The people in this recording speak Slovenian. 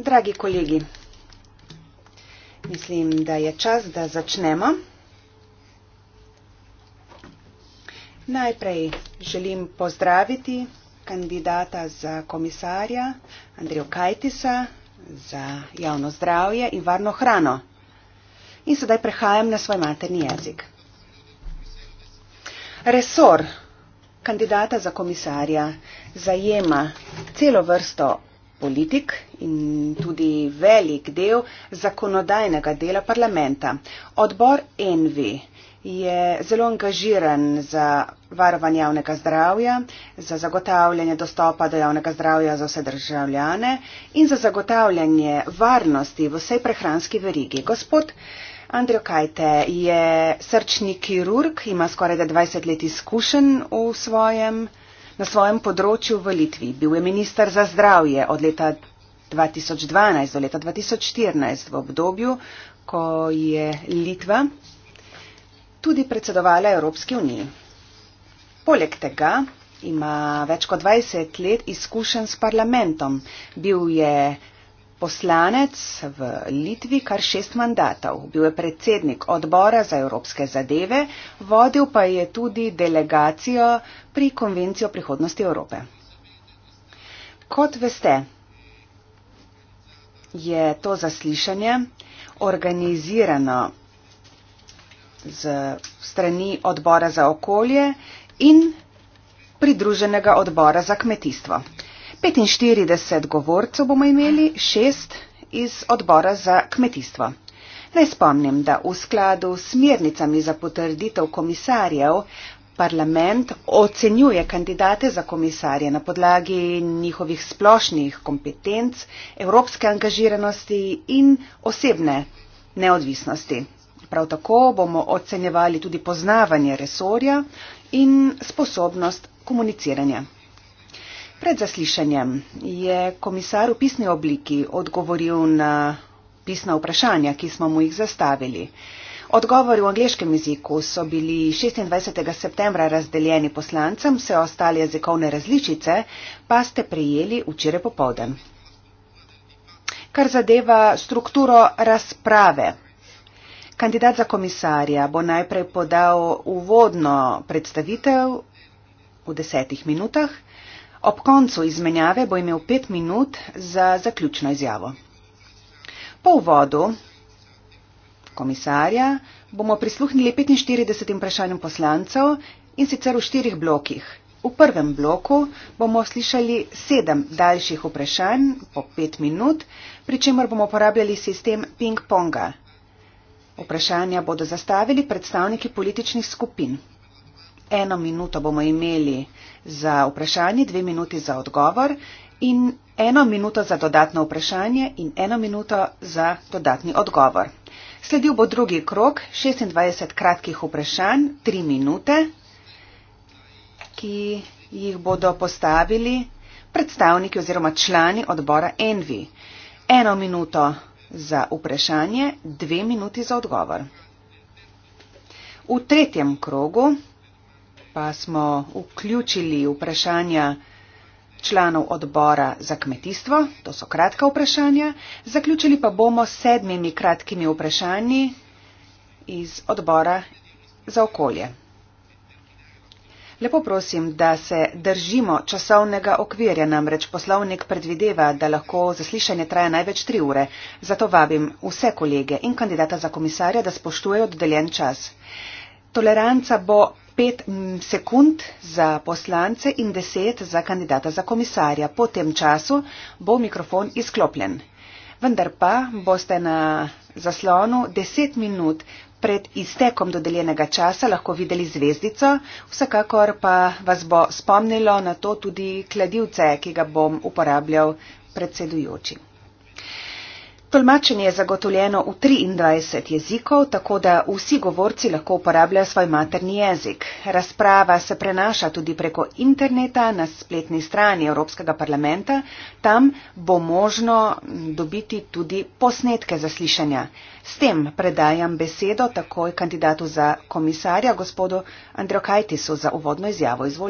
Dragi kolegi, mislim, da je čas, da začnemo. Najprej želim pozdraviti kandidata za komisarja Andrejo Kajtisa za javno zdravje in varno hrano. In sedaj prehajam na svoj materni jezik. Resor, kandidata za komisarja zajema celo vrsto politik in tudi velik del zakonodajnega dela parlamenta. Odbor Envi je zelo angažiran za varovanje javnega zdravja, za zagotavljanje dostopa do javnega zdravja za vse državljane in za zagotavljanje varnosti v vsej prehranski verigi. Gospod Andrej Kajte je srčni kirurg, ima skoraj 20 let izkušenj na svojem področju v Litvi. Bil je minister za zdravje od leta 2012 do leta 2014 v obdobju, ko je Litva tudi predsedovala Evropski uniji. Poleg tega ima več kot 20 let izkušenj s parlamentom. Bil je poslanec v Litvi kar šest mandatov. Bil je predsednik odbora za evropske zadeve, vodil pa je tudi delegacijo pri Konvenciji o prihodnosti Evrope. Kot veste, je to zaslišanje organizirano z strani odbora za okolje in pridruženega odbora za kmetijstvo. 45 govorcev bomo imeli, šest iz odbora za kmetijstvo. Naj spomnim, da v skladu s smernicami za potrditev komisarjev parlament ocenjuje kandidate za komisarje na podlagi njihovih splošnih kompetenc, evropske angažiranosti in osebne neodvisnosti. Prav tako bomo ocenjevali tudi poznavanje resorja in sposobnost komuniciranja. Pred zaslišanjem je komisar v pisni obliki odgovoril na pisna vprašanja, ki smo mu jih zastavili. Odgovori v angliškem jeziku so bili 26. septembra razdeljeni poslancem, vse ostale jezikovne različice pa ste prijeli včeraj popovdem. Kar zadeva strukturo razprave. Kandidat za komisarja bo najprej podal uvodno predstavitev v desetih minutah, Ob koncu izmenjave bo imel pet minut za zaključno izjavo. Po uvodu komisarja bomo prisluhnili 45 vprašanjem poslancev in sicer v štirih blokih. V prvem bloku bomo slišali sedem daljših vprašanj po pet minut, pri čemer bomo uporabljali sistem ping-ponga. Vprašanja bodo zastavili predstavniki političnih skupin. Eno minuto bomo imeli za vprašanje, dve minuti za odgovor in eno minuto za dodatno vprašanje in eno minuto za dodatni odgovor. Sledil bo drugi krok, 26 kratkih vprašanj, tri minute, ki jih bodo postavili predstavniki oziroma člani odbora Envi. Eno minuto za vprašanje, dve minuti za odgovor. V tretjem krogu pa smo vključili vprašanja članov odbora za kmetijstvo, to so kratka vprašanja, zaključili pa bomo s sedmimi kratkimi vprašanji iz odbora za okolje. Lepo prosim, da se držimo časovnega okvirja, namreč poslovnik predvideva, da lahko zaslišanje traja največ tri ure. Zato vabim vse kolege in kandidata za komisarja, da spoštujejo dodeljen čas. Toleranca bo pet sekund za poslance in deset za kandidata za komisarja. Po tem času bo mikrofon izklopljen. Vendar pa boste na zaslonu deset minut pred iztekom dodeljenega časa lahko videli zvezdico, vsekakor pa vas bo spomnilo na to tudi kladivce, ki ga bom uporabljal predsedujočim. Tolmačenje je zagotovljeno v 23 jezikov, tako da vsi govorci lahko uporabljajo svoj materni jezik. Razprava se prenaša tudi preko interneta na spletni strani Evropskega parlamenta. Tam bo možno dobiti tudi posnetke zaslišanja. S tem predajam besedo takoj kandidatu za komisarja, gospodu Andrew Kajtisu, za uvodno izjavo. Izvolite.